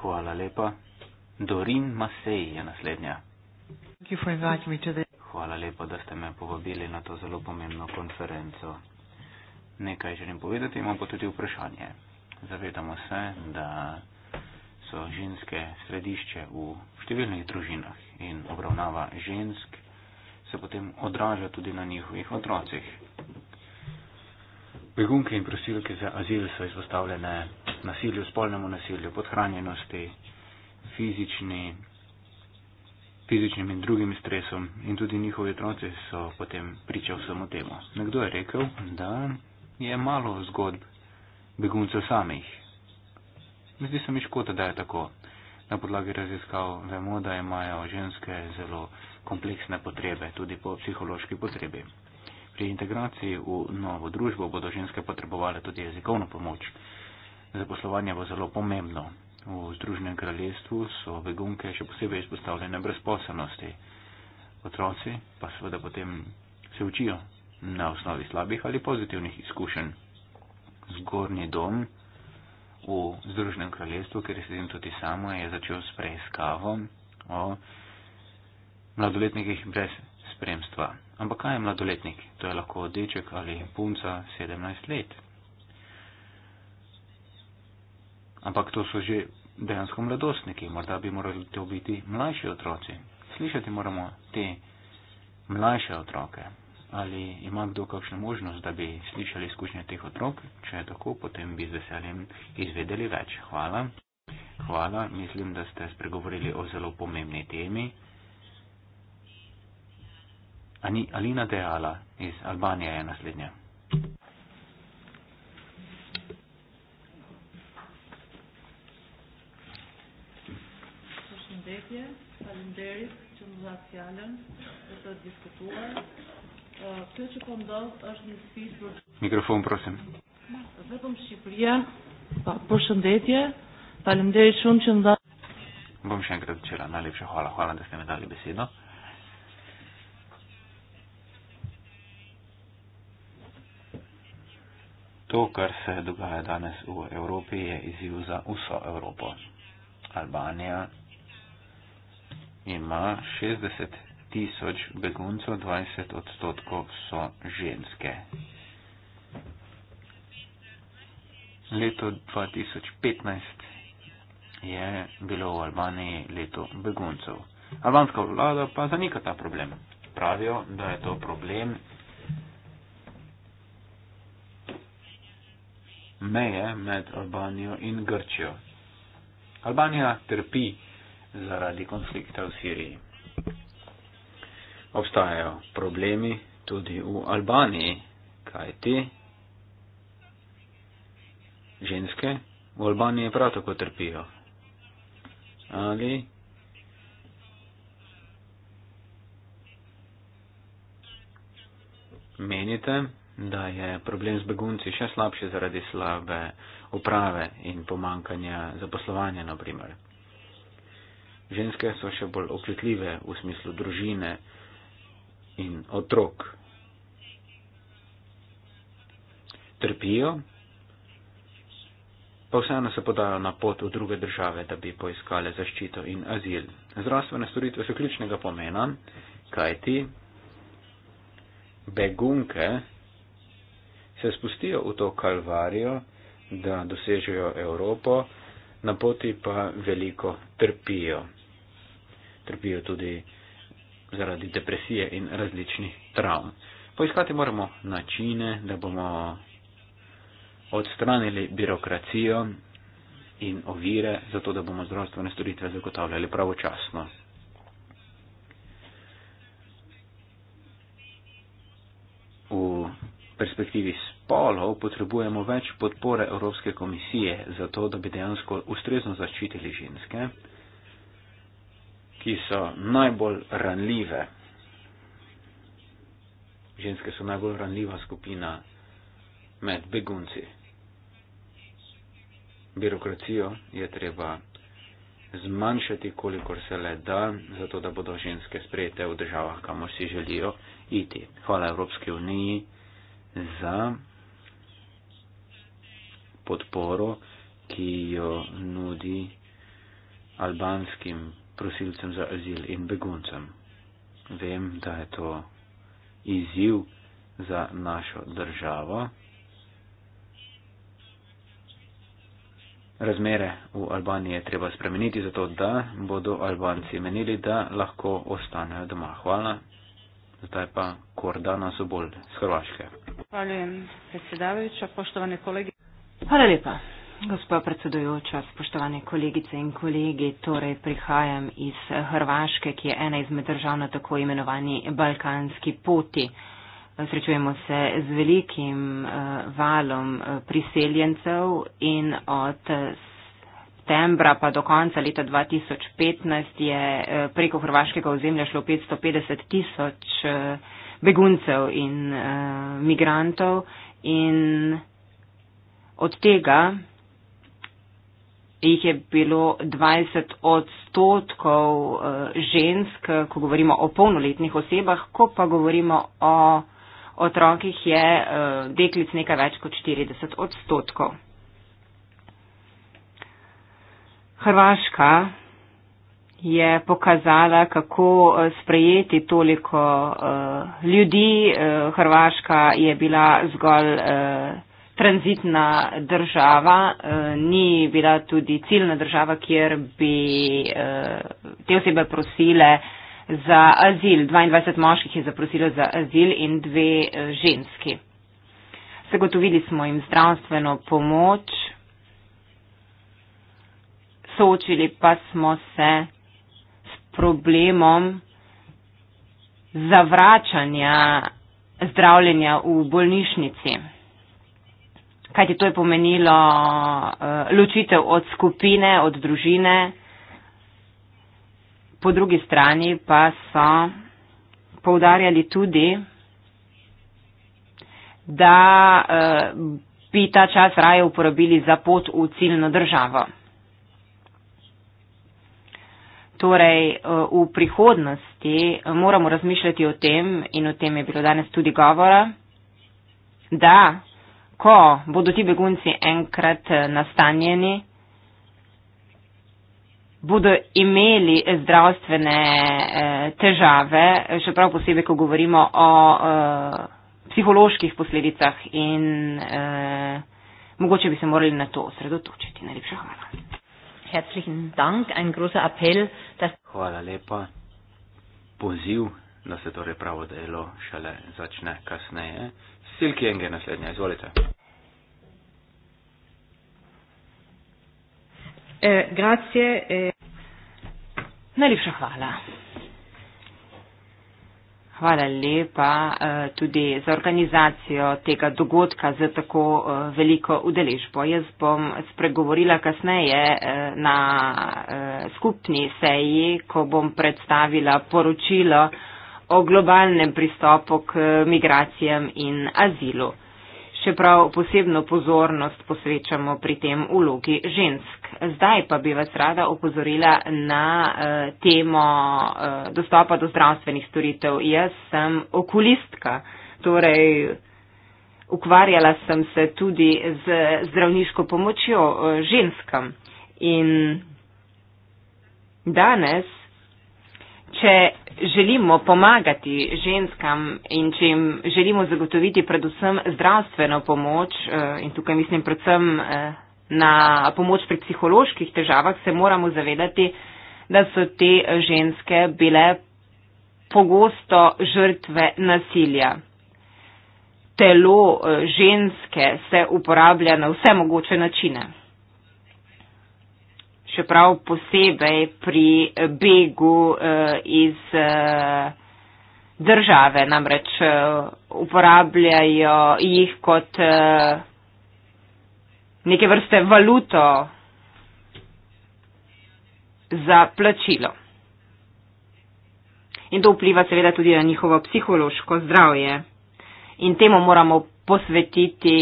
Hvala lepa. Dorin Masej je naslednja. Thank you for inviting me to this hvala lepa, da ste me povabili na to zelo pomembno konferenco. Nekaj želim povedati, imam pa tudi vprašanje. Zavedamo se, da so ženske središče v številnih družinah in obravnava žensk se potem odraža tudi na njihovih otrocih. Begunke in prosilke za azil so izpostavljene nasilju, spolnemu nasilju, podhranjenosti, fizični fizičnim in drugim stresom in tudi njihovi otroci so potem pričal samo temu. Nekdo je rekel, da je malo zgodb beguncev samih. Zdi se mi škoda, da je tako. Na podlagi raziskav vemo, da imajo ženske zelo kompleksne potrebe, tudi po psihološki potrebi. Pri integraciji v novo družbo bodo ženske potrebovale tudi jezikovno pomoč. Zaposlovanje bo zelo pomembno. V Združenem kraljestvu so begunke še posebej izpostavljene brezposobnosti. Otroci pa seveda potem se učijo na osnovi slabih ali pozitivnih izkušenj. Zgornji dom v Združenem kraljestvu, kjer sedim tudi samo, je začel s preiskavo o mladoletnikih brez spremstva. Ampak kaj je mladoletnik? To je lahko deček ali punca 17 let. Ampak to so že dejansko mladostniki, morda bi morali to biti mlajši otroci. Slišati moramo te mlajše otroke. Ali ima kdo kakšno možnost, da bi slišali izkušnje teh otrok? Če je tako, potem bi z veseljem izvedeli več. Hvala. Hvala, mislim, da ste spregovorili o zelo pomembni temi. Ani, Alina Dejala iz Albanije je naslednja. Petje, Falinderit, që më dha fjallën, dhe të diskutuar. Kjo që po ndodhë është një sfit për... Mikrofon, prosim. Vetëm Shqipëria, pa, për shëndetje, falinderit shumë që më dha... Vëm shenë këtë të qëra, në lepë që hala, hala në të stemi dali besido. To, kar se dogaja danes v Evropi, je izziv za vso Evropo. Albanija, ima 60 tisoč beguncev, 20 odstotkov so ženske. Leto 2015 je bilo v Albaniji leto beguncev. Albanska vlada pa zanika ta problem. Pravijo, da je to problem meje med Albanijo in Grčijo. Albanija trpi zaradi konflikta v Siriji. Obstajajo problemi tudi v Albaniji, kaj ti ženske v Albaniji prav tako trpijo. Ali menite, da je problem z begunci še slabši zaradi slabe uprave in pomankanja zaposlovanja, na primer? Ženske so še bolj občutljive v smislu družine in otrok. Trpijo, pa vseeno se podajo na pot v druge države, da bi poiskale zaščito in azil. Zdravstvene storitve so ključnega pomena, kajti begunke se spustijo v to kalvarijo, da dosežejo Evropo, na poti pa veliko trpijo trpijo tudi zaradi depresije in različnih travm. Poiskati moramo načine, da bomo odstranili birokracijo in ovire, zato da bomo zdravstvene storitve zagotavljali pravočasno. V perspektivi spolov potrebujemo več podpore Evropske komisije, zato da bi dejansko ustrezno zaščitili ženske ki so najbolj ranljive. Ženske so najbolj ranljiva skupina med begunci. Birokracijo je treba zmanjšati, kolikor se le da, zato da bodo ženske sprejete v državah, kamor si želijo iti. Hvala Evropski uniji za podporo, ki jo nudi albanskim prosilcem za azil in beguncem. Vem, da je to izziv za našo državo. Razmere v Albaniji je treba spremeniti, zato da bodo Albanci menili, da lahko ostanejo doma. Hvala. Zdaj pa Kordana Sobol z Hrvaške. Hvala lepa, predsedavajoča, poštovane kolege. Hvala lepa. Gospod predsedujoča, spoštovane kolegice in kolegi, torej prihajam iz Hrvaške, ki je ena izmed držav na tako imenovani balkanski poti. Srečujemo se z velikim eh, valom eh, priseljencev in od septembra pa do konca leta 2015 je eh, preko hrvaškega ozemlja šlo 550 tisoč beguncev in migrantov in od tega jih je bilo 20 odstotkov eh, žensk, ko govorimo o polnoletnih osebah, ko pa govorimo o otrokih, je eh, deklic nekaj več kot 40 odstotkov. Hrvaška je pokazala, kako eh, sprejeti toliko ljudi. Hrvaška je bila zgolj tranzitna država, eh, ni bila tudi ciljna država, kjer bi eh, te osebe prosile za azil. 22 moških je zaprosilo za azil in dve eh, ženski. Zagotovili smo jim zdravstveno pomoč, soočili pa smo se s problemom zavračanja zdravljenja v bolnišnici kajti to je pomenilo uh, ločitev od skupine, od družine. Po drugi strani pa so poudarjali tudi, da uh, bi ta čas raje uporabili za pot v ciljno državo. Torej, eh, v prihodnosti moramo razmišljati o tem, in o tem je bilo danes tudi govora, da ko bodo ti begunci enkrat eh, nastanjeni, bodo imeli eh, zdravstvene eh, težave, še prav posebej, ko govorimo o psiholoških posledicah in eh, mogoče bi se morali na to osredotočiti. Najlepša hvala. Dank, ein apel, dass... Hvala lepa. Poziv, da se torej pravo delo šele začne kasneje. Silki Enge naslednja, izvolite. Eh, gracije, eh. Najlepša hvala. Hvala lepa eh, tudi za organizacijo tega dogodka z tako eh, veliko udeležbo. Jaz bom spregovorila kasneje eh, na eh, skupni seji, ko bom predstavila poročilo o globalnem pristopu k eh, migracijam in azilu. Še prav posebno pozornost posvečamo pri tem vlogi žensk. Zdaj pa bi vas rada opozorila na uh, temo uh, dostopa do zdravstvenih storitev. Jaz sem okulistka, torej ukvarjala sem se tudi z zdravniško pomočjo uh, ženskam. In danes, če želimo pomagati ženskam in če jim želimo zagotoviti predvsem zdravstveno pomoč eh, in tukaj mislim predvsem eh, na pomoč pri psiholoških težavah, se moramo zavedati, da so te eh, ženske bile pogosto žrtve nasilja. Telo ženske se uporablja na vse mogoče načine čeprav posebej pri begu eh, iz eh, države, namreč eh, uporabljajo jih kot neke vrste valuto za plačilo. In to vpliva seveda tudi na njihovo psihološko zdravje. In temu moramo posvetiti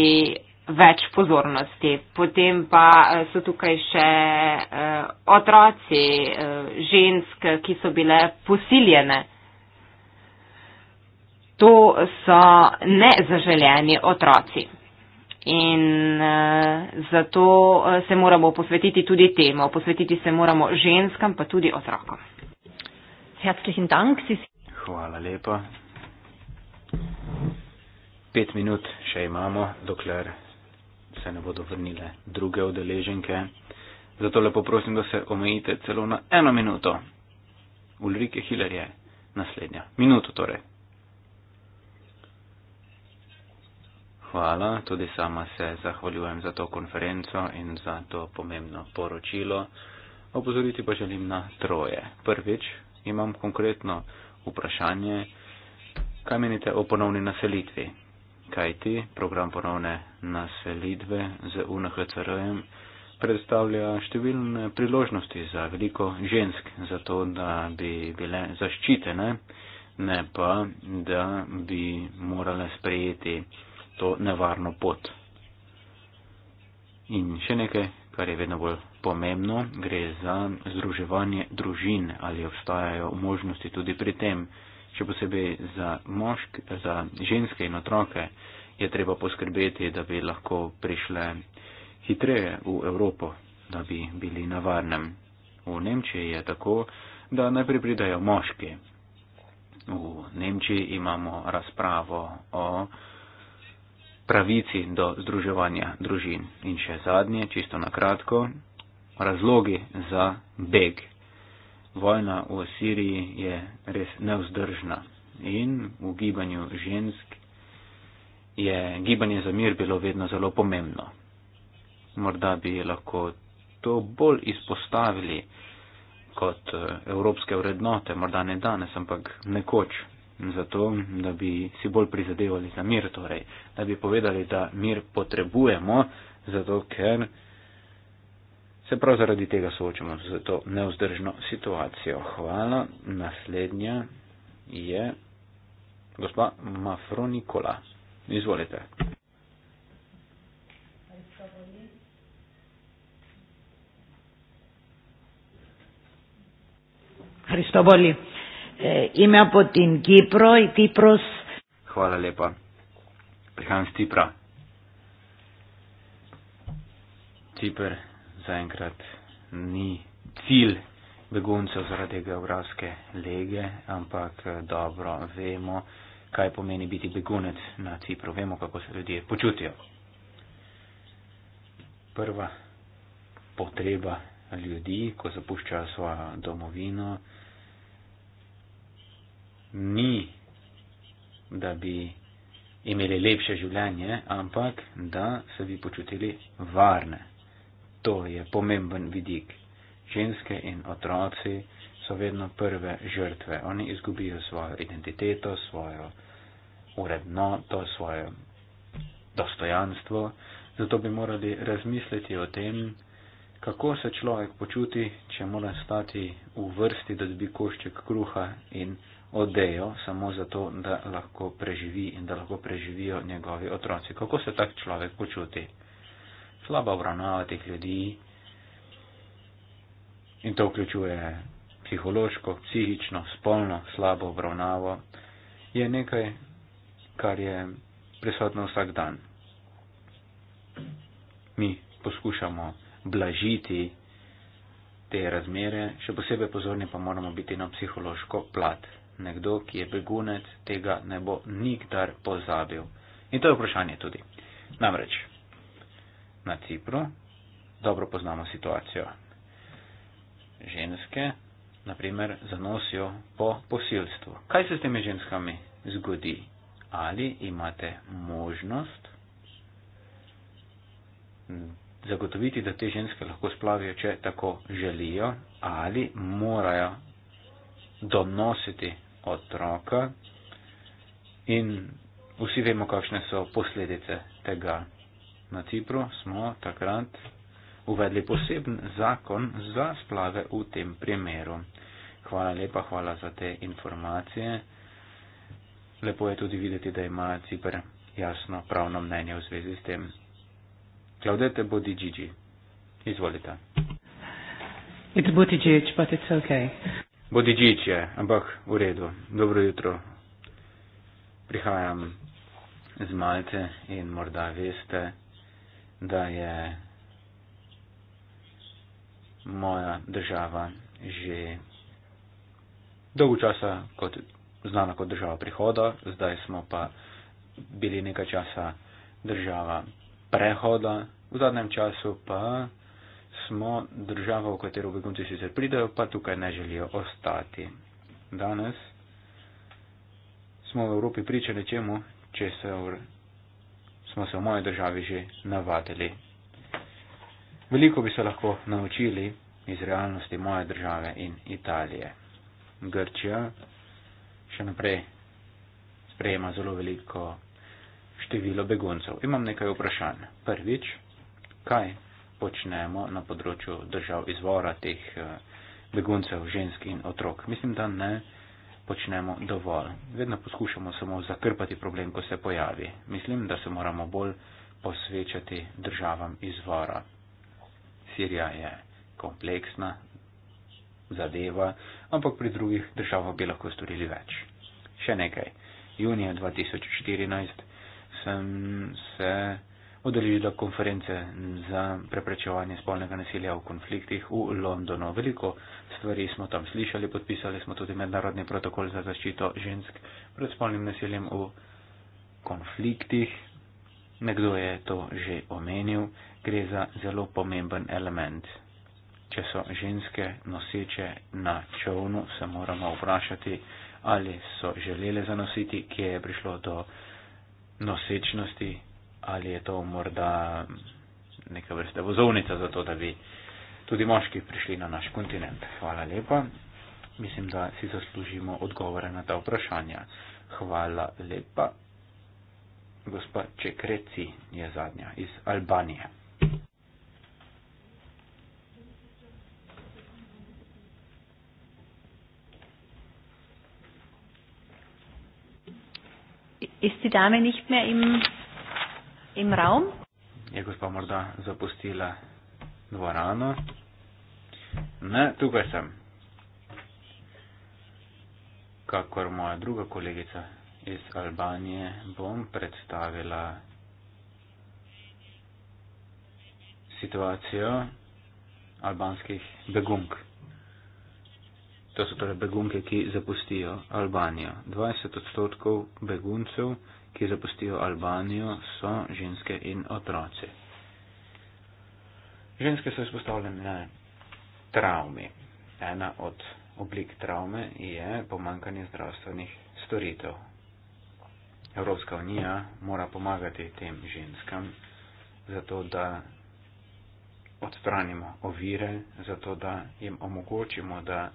več pozornosti. Potem pa eh, so tukaj še eh, otroci eh, žensk, ki so bile posiljene. To so nezaželjeni otroci. In e, zato se moramo posvetiti tudi temu, posvetiti se moramo ženskam, pa tudi otrokom. Hvala lepa. Pet minut še imamo, dokler se ne bodo vrnile druge udeleženke. Zato lepo prosim, da se omejite celo na eno minuto. Ulrike Hiller je naslednja. Minuto torej. Hvala, tudi sama se zahvaljujem za to konferenco in za to pomembno poročilo. Opozoriti pa želim na troje. Prvič imam konkretno vprašanje, kaj menite o ponovni naselitvi kajti program ponovne naselitve z UNHCR-jem predstavlja številne priložnosti za veliko žensk, zato da bi bile zaščitene, ne pa da bi morale sprejeti to nevarno pot. In še nekaj, kar je vedno bolj pomembno, gre za združevanje družin, ali obstajajo možnosti tudi pri tem, še posebej za, mošk, za ženske in otroke, je treba poskrbeti, da bi lahko prišle hitreje v Evropo, da bi bili na varnem. V Nemčiji je tako, da najprej pridajo moški. V Nemčiji imamo razpravo o pravici do združevanja družin. In še zadnje, čisto na kratko, razlogi za beg vojna v Siriji je res nevzdržna in v gibanju žensk je gibanje za mir bilo vedno zelo pomembno. Morda bi lahko to bolj izpostavili kot eh, evropske vrednote, morda ne danes, ampak nekoč, zato da bi si bolj prizadevali za mir, torej da bi povedali, da mir potrebujemo, zato ker. Se prav zaradi tega soočamo z to neuzdržno situacijo. Hvala. Naslednja je gospa Mafro Nikola. Izvolite. Hristoboli. E, ime potem Kipro in Kipros. Hvala lepa. Prihajam z Cipra. Cipr zaenkrat ni cilj beguncev zaradi geografske lege, ampak eh, dobro vemo, kaj pomeni biti begunec na Cipru. Vemo, kako se ljudje počutijo. Prva potreba ljudi, ko zapuščajo svojo domovino, ni, da bi imeli lepše življenje, ampak da se bi počutili varne. To je pomemben vidik. Ženske in otroci so vedno prve žrtve. Oni izgubijo svojo identiteto, svojo urednoto, svoje dostojanstvo. Zato bi morali razmisliti o tem, kako se človek počuti, če mora stati v vrsti, da dobi košček kruha in odejo, samo zato, da lahko preživi in da lahko preživijo njegovi otroci. Kako se tak človek počuti? slaba obravnava teh ljudi in to vključuje psihološko, psihično, spolno slabo obravnavo, je nekaj, kar je prisotno vsak dan. Mi poskušamo blažiti te razmere, še posebej pozorni pa moramo biti na psihološko plat. Nekdo, ki je begunec, tega ne bo nikdar pozabil. In to je vprašanje tudi. Namreč, na Cipru, dobro poznamo situacijo. Ženske, naprimer, zanosijo po posilstvu. Kaj se s temi ženskami zgodi? Ali imate možnost zagotoviti, da te ženske lahko splavijo, če tako želijo, ali morajo donositi otroka in vsi vemo, kakšne so posledice tega na Cipru smo takrat uvedli poseben zakon za splave v tem primeru. Hvala lepa, hvala za te informacije. Lepo je tudi videti, da ima Cipr jasno pravno mnenje v zvezi s tem. Klaudete bodi Gigi. Izvolite. It's Bodi Gigi, but it's okay. Bodi Gigi je, ampak v redu. Dobro jutro. Prihajam z Malte in morda veste, da je moja država že dolgo časa kot, znana kot država prihoda, zdaj smo pa bili nekaj časa država prehoda, v zadnjem času pa smo država, v katero begunci sicer pridejo, pa tukaj ne želijo ostati. Danes smo v Evropi pričali čemu, če se v smo se v moji državi že navadili. Veliko bi se lahko naučili iz realnosti moje države in Italije. Grčija še naprej sprejema zelo veliko število beguncev. Imam nekaj vprašanj. Prvič, kaj počnemo na področju držav izvora teh eh, beguncev, žensk in otrok? Mislim, da ne počnemo dovolj. Vedno poskušamo samo zakrpati problem, ko se pojavi. Mislim, da se moramo bolj posvečati državam izvora. Sirija je kompleksna zadeva, ampak pri drugih državah bi lahko storili več. Še nekaj. Junija 2014 sem se odeležila konference za preprečevanje spolnega nasilja v konfliktih v Londonu. Veliko stvari smo tam slišali, podpisali smo tudi mednarodni protokol za zaščito žensk pred spolnim nasiljem v konfliktih. Nekdo je to že omenil, gre za zelo pomemben element. Če so ženske noseče na čovnu, se moramo vprašati, ali so želele zanositi, kje je prišlo do nosečnosti ali je to morda neka vrsta vozovnica za to, da bi tudi moški prišli na naš kontinent. Hvala lepa. Mislim, da si zaslužimo odgovore na ta vprašanja. Hvala lepa. Gospa Čekreci je zadnja iz Albanije. Ist die Dame nicht mehr im Imram. Je gospa morda zapustila dvorano? Ne, tukaj sem. Kakor moja druga kolegica iz Albanije, bom predstavila situacijo albanskih begunk. To so torej begunke, ki zapustijo Albanijo. 20 odstotkov beguncev ki zapustijo Albanijo, so ženske in otroci. Ženske so izpostavljene travmi. Ena od oblik travme je pomankanje zdravstvenih storitev. Evropska unija mora pomagati tem ženskam, zato da odstranimo ovire, zato da jim omogočimo, da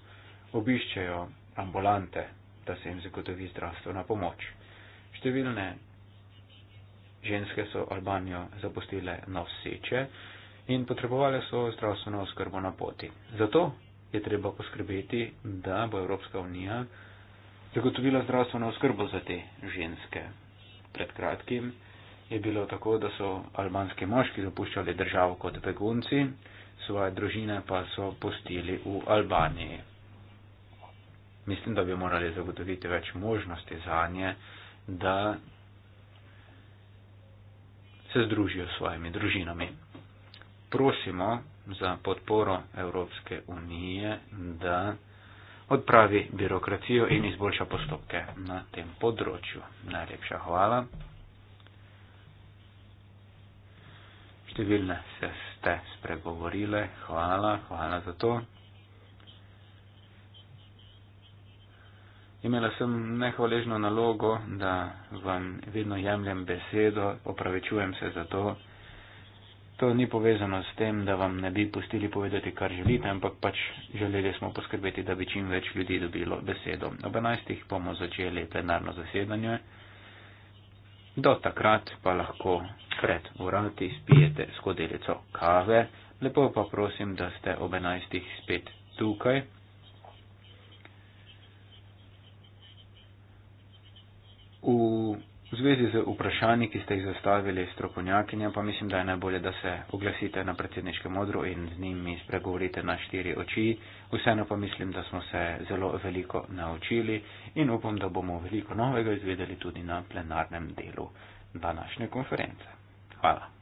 obiščejo ambulante, da se jim zagotovi zdravstvena pomoč. Številne ženske so Albanijo zapustile na vseče in potrebovali so zdravstveno oskrbo na poti. Zato je treba poskrbeti, da bo Evropska unija zagotovila zdravstveno oskrbo za te ženske. Pred kratkim je bilo tako, da so albanski moški zapuščali državo kot begunci, svoje družine pa so pustili v Albaniji. Mislim, da bi morali zagotoviti več možnosti za njih da se združijo s svojimi družinami. Prosimo za podporo Evropske unije, da odpravi birokracijo in izboljša postopke na tem področju. Najlepša hvala. Številne se ste spregovorile. Hvala, hvala za to. Imela sem nehvaležno nalogo, da vam vedno jemljem besedo, opravičujem se za to. To ni povezano s tem, da vam ne bi pustili povedati, kar želite, ampak pač želeli smo poskrbeti, da bi čim več ljudi dobilo besedo. Ob 11. bomo začeli plenarno zasedanje. Do takrat pa lahko pred urati spijete skodelico kave. Lepo pa prosim, da ste ob 11. spet tukaj. V zvezi z vprašanji, ki ste jih zastavili strokovnjakinja, pa mislim, da je najbolje, da se oglasite na predsedniškem odru in z njimi spregovorite na štiri oči. Vseeno pa mislim, da smo se zelo veliko naučili in upam, da bomo veliko novega izvedeli tudi na plenarnem delu današnje konference. Hvala.